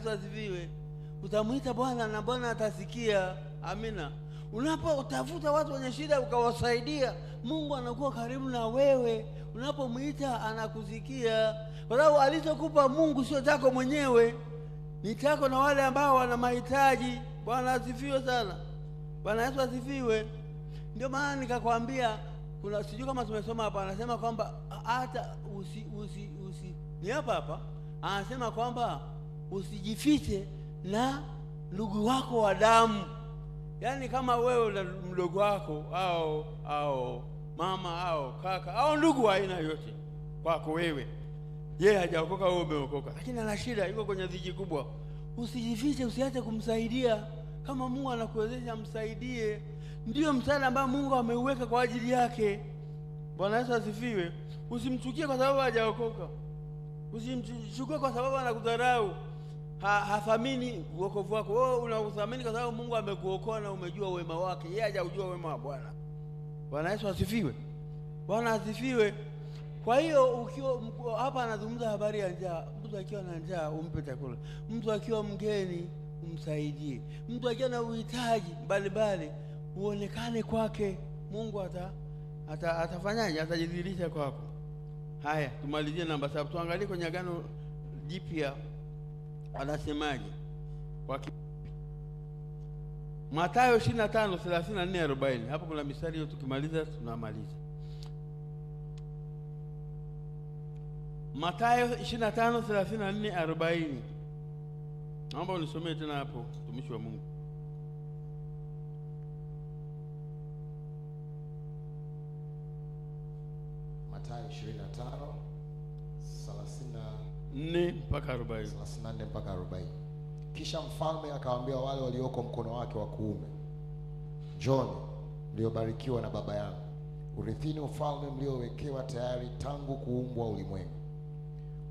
Yesu asifiwe. Utamwita Bwana na Bwana atasikia. Amina. Unapotafuta watu wenye shida ukawasaidia, Mungu anakuwa karibu na wewe. Unapomwita anakusikia, kwa sababu alichokupa Mungu sio chako mwenyewe, ni chako na wale ambao wana mahitaji. Bwana asifiwe sana. Bwana Yesu asifiwe. Ndio maana nikakwambia kuna sijui kama tumesoma hapa, anasema kwamba hata usi, usi, usi. Ni hapa hapa anasema kwamba usijifiche na ndugu wako wa damu. Yaani kama wewe na mdogo wako au au mama au kaka au ndugu wa aina yote kwako wewe, yeye hajaokoka, wewe umeokoka, lakini ana shida, yuko kwenye dhiki kubwa, usijifiche, usiache kumsaidia. Kama Mungu anakuwezesha, msaidie. Ndiyo msaada ambao Mungu ameuweka kwa ajili yake. Bwana Yesu asifiwe. Usimchukie kwa sababu hajaokoka, usimchukie kwa sababu anakudharau ha, hathamini uokovu wako wewe. Oh, unauthamini kwa sababu Mungu amekuokoa na umejua wema wake. Yeye hajaujua wema wa Bwana. Bwana Yesu asifiwe. Bwana asifiwe. Kwa hiyo ukiwa hapa, anazungumza habari ya njaa. Mtu akiwa na njaa umpe chakula, mtu akiwa mgeni umsaidie, mtu akiwa na uhitaji mbalimbali uonekane kwake. Mungu ata, ata, Atajidhihirisha kwako. Haya, tumalizie namba saba, tuangalie kwenye Agano Jipya anasemaje kwa Mathayo 25:34 Hapo kuna mistari hiyo, tukimaliza tunamaliza. Mathayo 2534 40. Naomba unisomee tena hapo, mtumishi wa Mungu. Mathayo 25 34 nne mpaka arobaini mpaka Kisha mfalme akawaambia wale walioko mkono wake wa kuume, njoni mliobarikiwa na Baba yangu, urithini ufalme mliowekewa tayari tangu kuumbwa ulimwengu.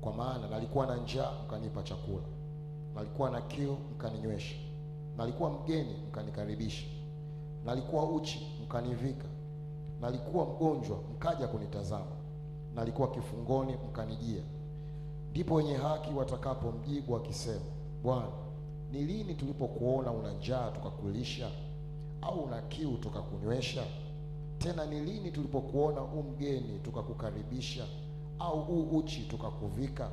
Kwa maana nalikuwa na njaa, mkanipa chakula, nalikuwa na kiu, mkaninywesha, nalikuwa mgeni, mkanikaribisha, nalikuwa uchi, mkanivika, nalikuwa mgonjwa, mkaja kunitazama, nalikuwa kifungoni, mkanijia Ndipo wenye haki watakapomjibu wakisema, Bwana, ni lini tulipokuona una njaa tukakulisha, au una kiu tukakunywesha? Tena ni lini tulipokuona u mgeni tukakukaribisha, au u uchi tukakuvika?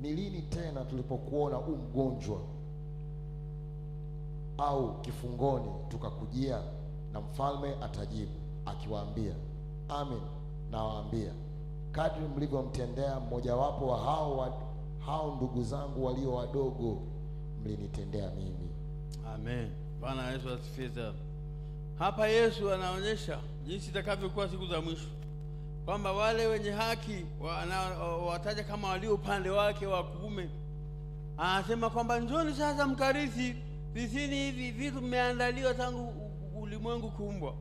Ni lini tena tulipokuona u mgonjwa au kifungoni tukakujia? Na mfalme atajibu akiwaambia, amin nawaambia kadri mlivyomtendea mmojawapo wa hao, wa, hao ndugu zangu walio wadogo mlinitendea mimi. Amen. Bwana Yesu asifiwe Hapa Yesu anaonyesha jinsi itakavyokuwa siku za mwisho, kwamba wale wenye haki wataja wa, kama walio upande wake wa kuume. Anasema kwamba njoni sasa mkarithi visini hivi vitu mmeandaliwa tangu ulimwengu kuumbwa.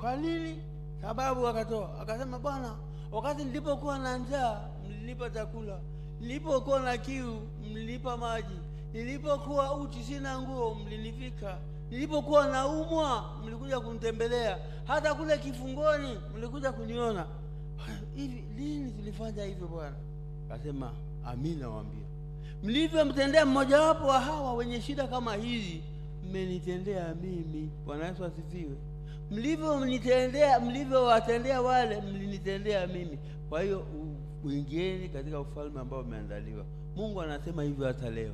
kwa nini? Sababu akatoa akasema, Bwana Wakati nilipokuwa na njaa mlinipa chakula, nilipokuwa na kiu mlinipa maji, nilipokuwa uchi sina nguo mlinivika, nilipokuwa naumwa mlikuja kunitembelea, hata kule kifungoni mlikuja kuniona. Hivi lini tulifanya hivyo Bwana? Akasema, amini nawaambia, mlivyomtendea mmojawapo wa hawa wenye shida kama hizi mmenitendea mimi. Bwana Yesu asifiwe mlivyonitendea, mlivyowatendea wale, mlinitendea mimi. Kwa hiyo uingieni katika ufalme ambao umeandaliwa. Mungu anasema hivyo hata leo,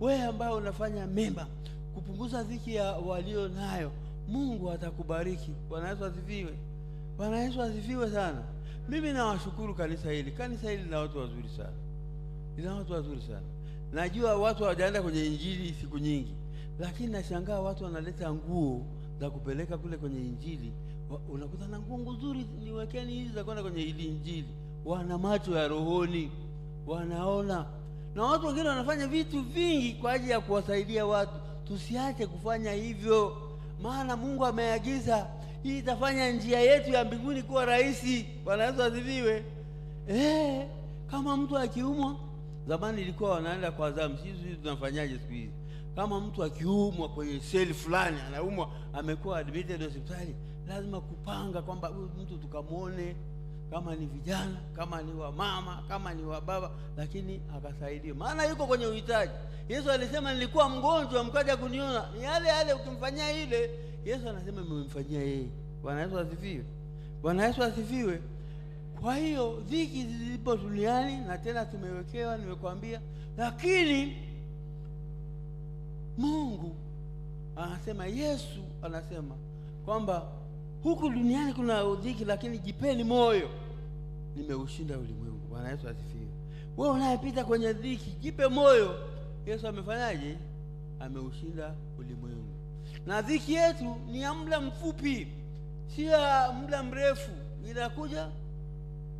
wewe ambao unafanya mema kupunguza dhiki ya walio nayo, Mungu atakubariki. Bwana Yesu asifiwe! Bwana Yesu asifiwe sana. Mimi nawashukuru kanisa hili. Kanisa hili lina watu wazuri sana, lina watu wazuri sana. Najua watu hawajaenda kwenye injili siku nyingi, lakini nashangaa watu wanaleta nguo za kupeleka kule kwenye Injili, unakuta na nguo nzuri, niwekeni hizi za kwenda kwenye ili Injili. Wana macho ya rohoni, wanaona. Na watu wengine wanafanya vitu vingi kwa ajili ya kuwasaidia watu. Tusiache kufanya hivyo, maana Mungu ameagiza, hii itafanya njia yetu ya mbinguni kuwa rahisi. Bwana Yesu asifiwe. Eh, kama mtu akiumwa, zamani ilikuwa wanaenda kwa zamu, sisi tunafanyaje siku hizi? Kama mtu akiumwa kwenye seli fulani, anaumwa amekuwa admitted hospitali, lazima kupanga kwamba huyu mtu tukamwone, kama ni vijana, kama ni wamama, kama ni wa baba, lakini akasaidia, maana yuko kwenye uhitaji. Yesu alisema nilikuwa mgonjwa mkaja kuniona, ni yale yale, ukimfanyia ile. Yesu anasema mmemfanyia yeye. Bwana Yesu asifiwe! Bwana Yesu asifiwe! Kwa hiyo dhiki zilipo duniani na tena tumewekewa, nimekwambia, lakini Mungu anasema, Yesu anasema kwamba huku duniani kuna udhiki, lakini jipeni moyo, nimeushinda ulimwengu. Bwana Yesu asifiwe. Wewe unayepita kwenye dhiki, jipe moyo. Yesu amefanyaje? Ameushinda ulimwengu. Na dhiki yetu ni ya muda mfupi, si ya muda mrefu. Inakuja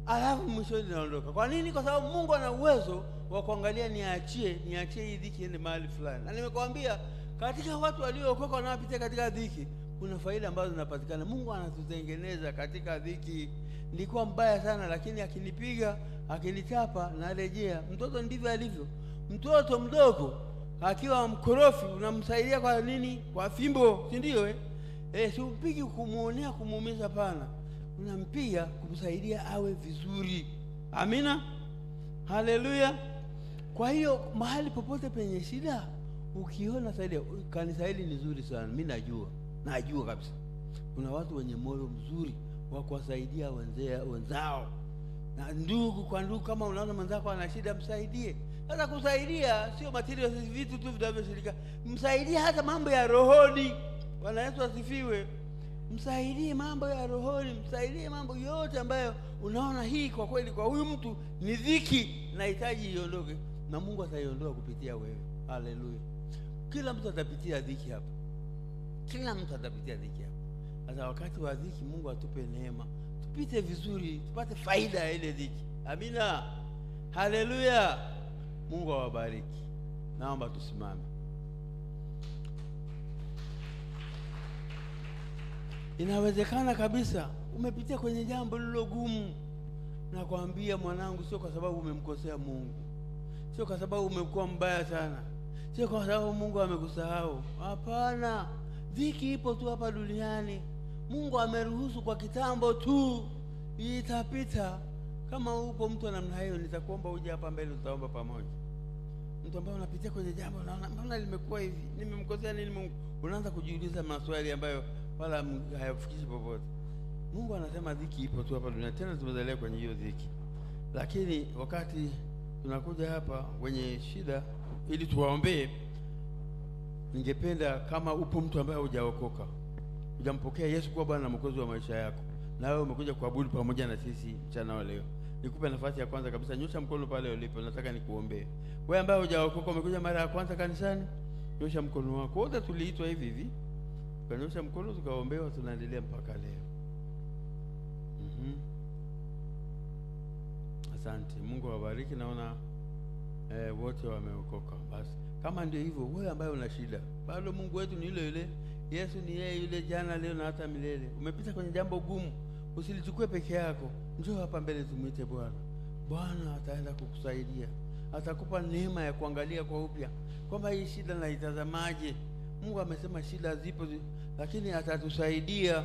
alafu mwishoni inaondoka. Kwa nini? Kwa sababu Mungu ana uwezo wa kuangalia niachie niachie hii dhiki iende mahali fulani. Na nimekwambia katika watu waliookoka wanaopitia katika dhiki kuna faida ambazo zinapatikana. Mungu anatutengeneza katika dhiki. Nilikuwa mbaya sana, lakini akinipiga akinitapa narejea. Mtoto ndivyo alivyo. Mtoto mdogo akiwa mkorofi unamsaidia kwa nini? Kwa fimbo, si ndio? Eh, si eh, simpigi kumuonea kumuumiza, pana unampiga kumsaidia awe vizuri. Amina, haleluya. Kwa hiyo mahali popote penye shida, ukiona saidia kanisa hili ni zuri sana, mimi najua, najua kabisa kuna watu wenye moyo mzuri wa kuwasaidia wenzao na ndugu kwa ndugu. Kama unaona mwenzako ana shida, msaidie. Sasa kusaidia sio material, vitu tu vinavyoshirika, msaidie hata mambo ya rohoni. Bwana Yesu asifiwe. Msaidie mambo ya rohoni, msaidie mambo yote ambayo unaona hii, kwa kweli, kwa huyu mtu ni dhiki, nahitaji iondoke na Mungu ataiondoa kupitia wewe. Haleluya! Kila mtu atapitia dhiki hapa, kila mtu atapitia dhiki hapa. Sasa wakati wa dhiki, Mungu atupe neema, tupite vizuri, tupate faida ya ile dhiki. Amina, haleluya. Mungu awabariki. Naomba tusimame. Inawezekana kabisa umepitia kwenye jambo lilo gumu, nakwambia mwanangu, sio kwa sababu umemkosea Mungu sio kwa sababu umekuwa mbaya sana, sio kwa sababu Mungu amekusahau. Hapana, dhiki ipo tu hapa duniani. Mungu ameruhusu kwa kitambo tu, itapita. Kama upo mtu namna hiyo, nitakuomba uje hapa mbele, tutaomba pamoja. Mtu ambaye unapitia kwenye jambo, unaona mbona limekuwa hivi, nimemkosea nini Mungu? Unaanza kujiuliza maswali ambayo wala hayafikishi popote. Mungu anasema dhiki ipo tu hapa duniani, tena tumezaliwa kwenye hiyo dhiki, lakini wakati tunakuja hapa wenye shida ili tuwaombee. Ningependa kama upo mtu ambaye hujaokoka, hujampokea Yesu kuwa Bwana na Mwokozi wa maisha yako, na wewe umekuja kuabudu pamoja na sisi mchana wa leo, nikupe nafasi ya kwanza kabisa, nyosha mkono pale ulipo, nataka nikuombee. Wewe ambaye hujaokoka, umekuja mara ya kwanza kanisani, nyosha mkono wako. Wote tuliitwa hivi hivi, tukanyosha mkono, tukaombewa, tunaendelea mpaka leo. Asante, Mungu awabariki. Naona eh, wote wameokoka. Basi kama ndio hivyo, wewe ambaye una shida, bado Mungu wetu ni yule yule, Yesu ni yeye yule jana, leo na hata milele. Umepita kwenye jambo gumu, usilichukue peke yako, njoo hapa mbele, tumwite Bwana. Bwana ataenda kukusaidia, atakupa neema ya kuangalia kwa upya kwamba hii shida naitazamaje. Mungu amesema shida zipo, lakini atatusaidia.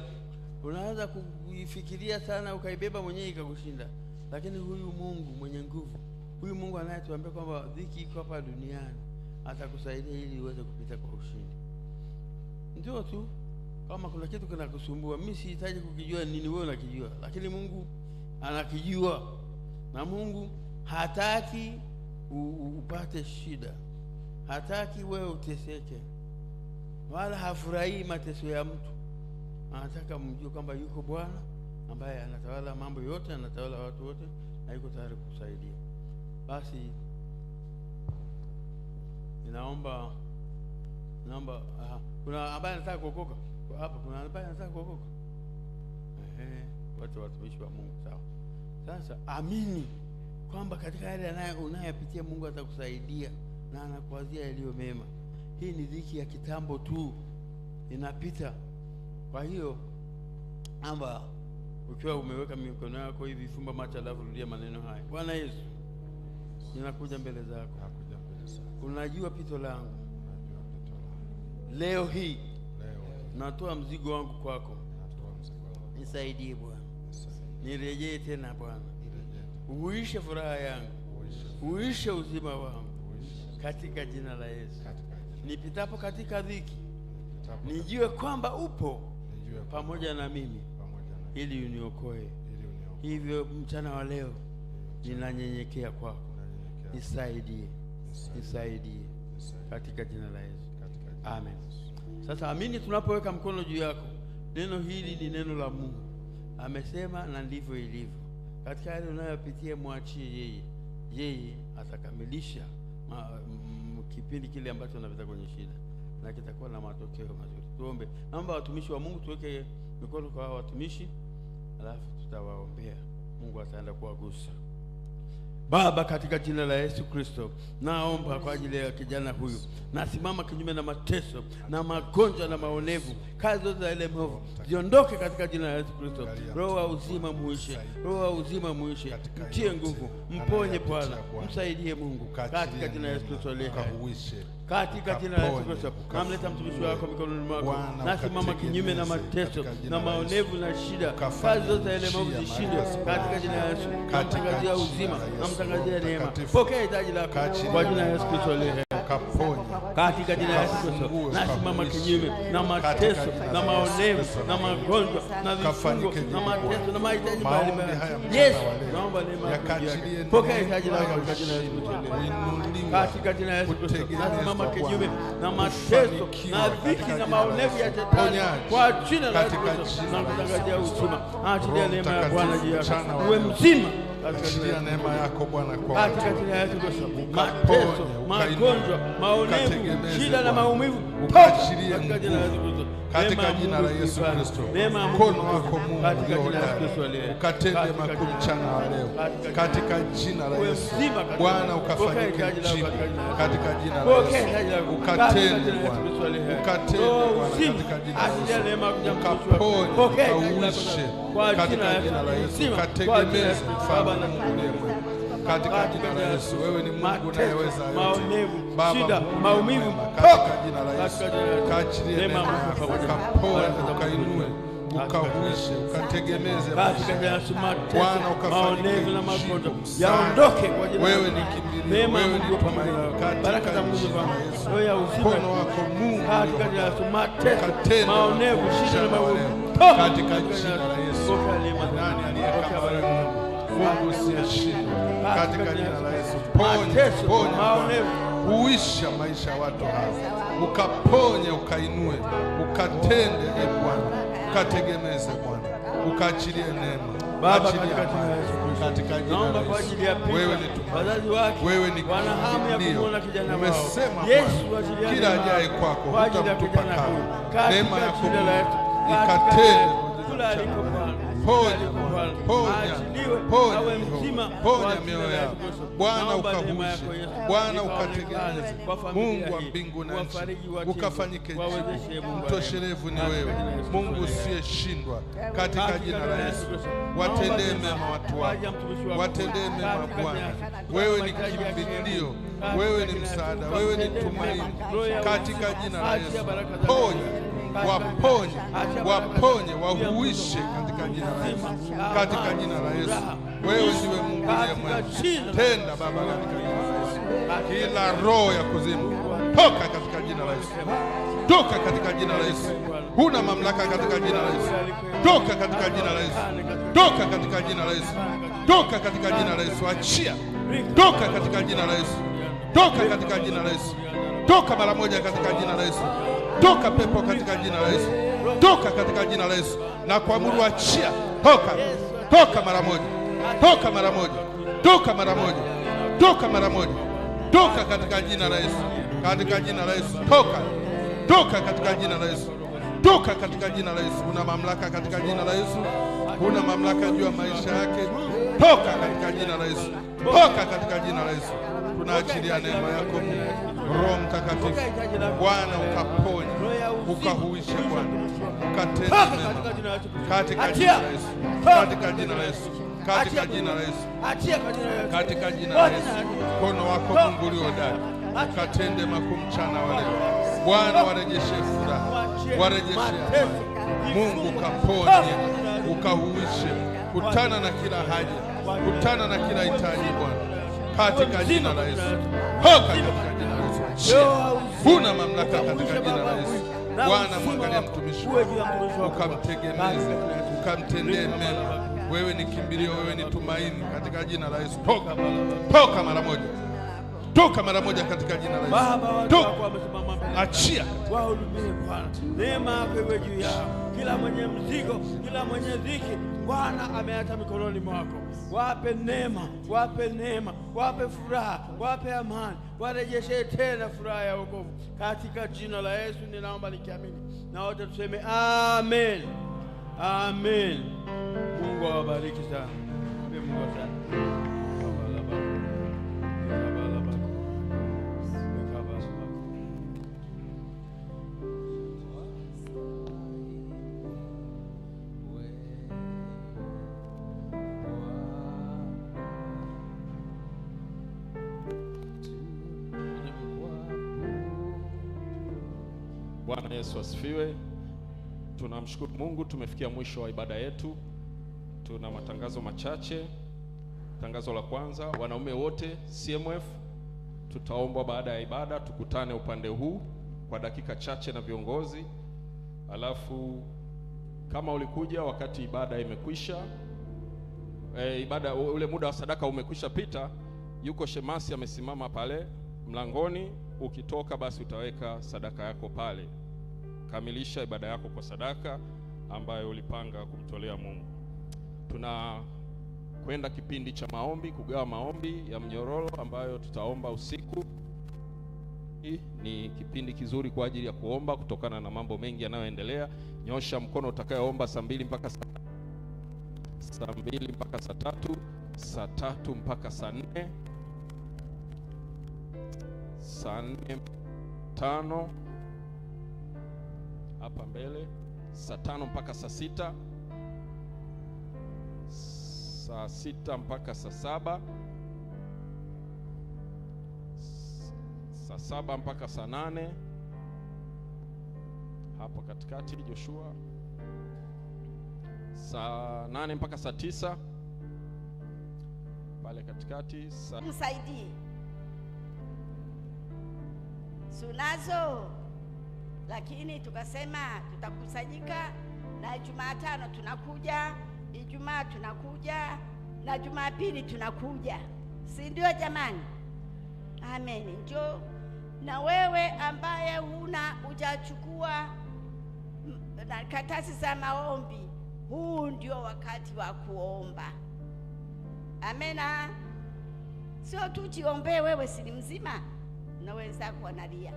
Unaanza kuifikiria sana, ukaibeba mwenyewe, ikakushinda. Lakini huyu Mungu mwenye nguvu, huyu Mungu anayetuambia kwamba dhiki iko hapa duniani, atakusaidia ili uweze kupita kwa ushindi. Ndio tu kama kuna kitu kinakusumbua, mimi sihitaji kukijua nini, wewe unakijua, lakini Mungu anakijua, na Mungu hataki upate shida, hataki wewe uteseke, wala hafurahii mateso ya mtu. Anataka mjue kwamba yuko Bwana ambaye anatawala mambo yote, anatawala watu wote na yuko tayari kukusaidia. Basi ninaomba naomba, aha, kuna ambaye anataka kuokoka hapa, kuna ambaye anataka kuokoka. Ehe, watu watumishi wa Mungu, sawa. Sasa amini kwamba katika yale unayopitia Mungu atakusaidia na anakuwazia yaliyo mema. Hii ni dhiki ya kitambo tu, inapita. Kwa hiyo amba ukiwa umeweka mikono yako hivi, fumba macho, alafu rudia maneno haya: Bwana Yesu, ninakuja mbele zako, unajua pito langu leo hii, natoa mzigo wangu kwako, nisaidie Bwana, nirejee tena Bwana, uishe furaha yangu, uishe uzima wangu katika jina la Yesu. Nipitapo katika dhiki, nijue kwamba upo pamoja na mimi ili uniokoe. Hivyo mchana wa leo ninanyenyekea kwako, nisaidie, nisaidie katika jina la Yesu, amen. Sasa amini, tunapoweka mkono juu yako, neno hili ni neno la Mungu, amesema na ndivyo ilivyo. Katika yale unayopitia, mwachie yeye, yeye atakamilisha mm, kipindi kile ambacho unapita kwenye shida na kitakuwa na matokeo mazuri. Tuombe. Naomba watumishi wa Mungu tuweke mikono kwa hao watumishi, alafu tutawaombea. Mungu ataenda kuwagusa. Baba, katika jina la Yesu Kristo, naomba kwa ajili ya kijana huyu, nasimama kinyume na mateso na magonjwa na maonevu, kazi zote za ile mwovu ziondoke katika jina la Yesu Kristo. Roho wa uzima muishe, roho wa uzima muishe, mtie nguvu, mponye Bwana, msaidie Mungu, katika jina la Yesu Kristo aliye katika jina la Yesu Kristo namleta mtumishi wako mikononi mwako, nasimama kinyume na mateso na maonevu na shida, kazi zote ile maovu zishinde katika jina la Yesu. Namtangazia uzima, namtangazia neema. Pokea hitaji lako kwa jina la Yesu Kristo katika jina la Yesu. Nasimama kinyume na mateso na maonevu na magonjwa na vifungo na mateso na mahitaji mbalimbali. Yesu, naomba neema yako, pokea hitaji lako katika jina la Yesu. Katika jina la Yesu nasimama kinyume na mateso na dhiki na maonevu ya shetani kwa jina la Yesu, na kutangaza uzima. Achilia neema ya Bwana juu yako, uwe mzima Achilia neema yako Bwana kwa watu, magonjwa, maonevu, shida na maumivu ukashirie nguvu katika jina la Yesu Kristo, mkono wako Mungu uliohodari ukatende makuu mchana wa leo katika jina la Yesu. Bwana ukafanyike nchini katika jina la Yesu, ukatende Bwana, ukatende Bwana katika jina la Yesu, ukaponye, ukaushe katika jina la Yesu, ukategemeze mfalme Mungu uliyemwema katika jina la Yesu. Wewe ni Mungu unayeweza yote, shida, maumivu katika jina la Yesu, kaachilie neema yako ukapoe, ukainue ukahuishe ukategemeze Bwana, na magonjwa yaondoke. kwa jina Wewe ni kimbilio, wewe ni baraka za Mungu la Yesu. Wewe Mkono wako Mungu katika jina la Yesu. ukatende maonevu, shida na maumivu katika jina la Yesu. Nani aliye Mungu usiyeshindwa? katika jina la Yesu, ponya ponya, uisha maisha watu hawa, ukaponye, ukainue, ukatende e Bwana, ukategemeze Bwana, ukaachilie neema Baba, katika jina wewe ni Umesema kila ajaye kwako hutamtupa kamwe. Neema yako ikatende ponya ponya, awe mzima, ponya mioyo yao Bwana, ukagushe Bwana, ukatengeneze Mungu wa mbingu na nchi, ukafanyike mtoshelevu ni wewe Mungu usiyeshindwa, katika jina la Yesu. Watendee mema watu wako, watendee mema Bwana. Wewe ni kimbilio, wewe ni msaada, wewe ni tumaini, katika jina la Yesu ponya wapo waponye, wahuishe katika jina la Yesu, katika jina la Yesu. Wewe ndiwe Mungu mwema, tenda Baba, katika jina la Yesu. Kila roho ya kuzimu toka katika jina la Yesu, toka katika jina la Yesu. Huna mamlaka katika jina la Yesu, toka katika jina la Yesu, toka katika jina la Yesu, toka katika jina la Yesu. Achia, toka katika jina la Yesu, toka katika jina la Yesu, toka mara moja katika jina la Yesu, toka pepo katika jina la Yesu toka katika jina la Yesu na kuamuru achia, toka toka mara moja, toka mara moja, toka mara moja, toka mara moja, toka katika jina la Yesu, katika jina la Yesu, toka toka katika jina la Yesu, toka katika jina la Yesu. Una mamlaka katika jina la Yesu, una mamlaka juu ya maisha yake, toka katika jina la Yesu, toka katika jina la Yesu ya neema yako Mungu. Roho Mtakatifu Bwana, ukaponye ukahuisha Bwana, ukatende mema katika jina la Yesu, katika jina la Yesu katika jina la Yesu, katika jina la Yesu, mkono wako Mungu ulio ndani katende makuu mchana wa leo Bwana, warejeshe furaha, warejeshe amani. Mungu kaponye, ukahuishe, kutana na kila haja, kutana na kila hitaji Bwana katika jina la Yesu. Ho katika jina la Yesu. Huna mamlaka katika jina la Yesu. Bwana, mwangalia mtumishi wako, ukamtegemeze, ukamtendee mema. Wewe ni kimbilio, wewe ni tumaini katika jina la Yesu. Toka, toka mara moja, toka mara moja katika jina la Yesu. Toka, achia. Bwana, Neema yako iwe juu yao kila mwenye mzigo, kila mwenye dhiki, Bwana ameacha mikononi mwako. Wape neema, wape neema, wape furaha, wape amani, warejeshe tena furaha ya wokovu. Katika jina la Yesu ninaomba nikiamini, na wote tuseme amen, amen. Mungu awabariki sana. Mungu sana. Bwana Yesu asifiwe. Tunamshukuru Mungu, tumefikia mwisho wa ibada yetu. Tuna matangazo machache. Tangazo la kwanza, wanaume wote CMF tutaombwa baada ya ibada, tukutane upande huu kwa dakika chache na viongozi. Alafu kama ulikuja wakati ibada imekwisha, e, ibada ule muda wa sadaka umekwisha pita, yuko shemasi amesimama pale mlangoni ukitoka basi utaweka sadaka yako pale. Kamilisha ibada yako kwa sadaka ambayo ulipanga kumtolea Mungu. Tunakwenda kipindi cha maombi, kugawa maombi ya mnyororo ambayo tutaomba usiku. Hii ni kipindi kizuri kwa ajili ya kuomba kutokana na mambo mengi yanayoendelea. Nyosha mkono utakayeomba saa mbili mpaka saa saa mbili mpaka saa tatu, saa tatu mpaka saa nne saa nne tano hapa mbele, saa tano mpaka saa sita saa sita mpaka saa saba saa saba mpaka saa nane hapo katikati Joshua, saa nane mpaka saa tisa pale katikati saa... msaidie sunazo, lakini tukasema tutakusanyika na Jumatano tunakuja, Ijumaa tunakuja na Jumapili tunakuja, si ndio jamani? Amen. Njo na wewe ambaye huna ujachukua na za maombi, huu ndio wakati wa kuomba. Amena, sio tu jiombee wewe, si mzima na wenzako wanalia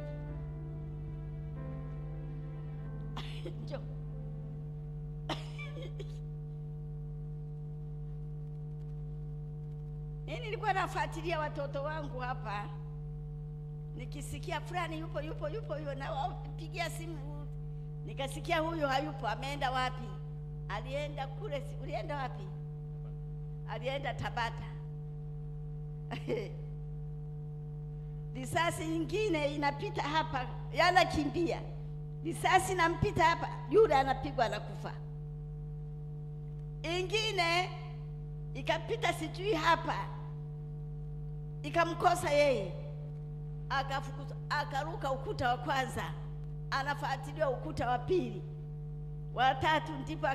jo Mimi nilikuwa nafuatilia watoto wangu hapa, nikisikia fulani yupo yupo yupo yupo, nawapigia simu, nikasikia huyo hayupo, ameenda wapi? Alienda kule, ulienda wapi? Alienda Tabata risasi nyingine inapita hapa, yana kimbia risasi nampita hapa, yule anapigwa na kufa. Ingine ikapita sijui hapa, ikamkosa yeye, akafukuza akaruka ukuta wa kwanza, anafuatiliwa ukuta wa pili, watatu, ndipo